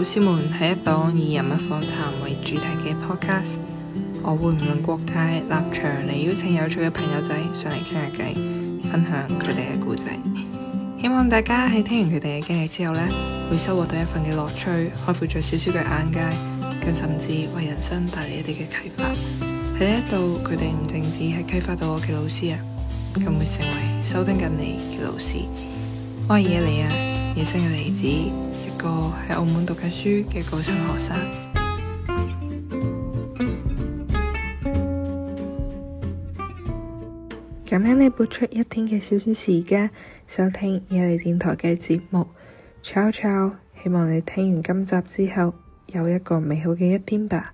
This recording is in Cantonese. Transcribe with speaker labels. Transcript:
Speaker 1: 老師們係一檔以人物訪談為主題嘅 podcast，我會唔論國泰立場嚟邀請有趣嘅朋友仔上嚟傾下偈，分享佢哋嘅故仔。希望大家喺聽完佢哋嘅經歷之後呢，會收穫到一份嘅樂趣，開闊咗少少嘅眼界，更甚至為人生帶嚟一啲嘅啟發。喺呢一度，佢哋唔淨止係啟發到我嘅老師啊，更會成為收聽緊你嘅老師。我係野梨啊，野生嘅梨子！一個喺澳門讀緊書嘅高三學生，感恩你撥出一天嘅小小時間，收聽野梨電台嘅節目，Ciao ciao，希望你聽完今集之後有一個美好嘅一天吧。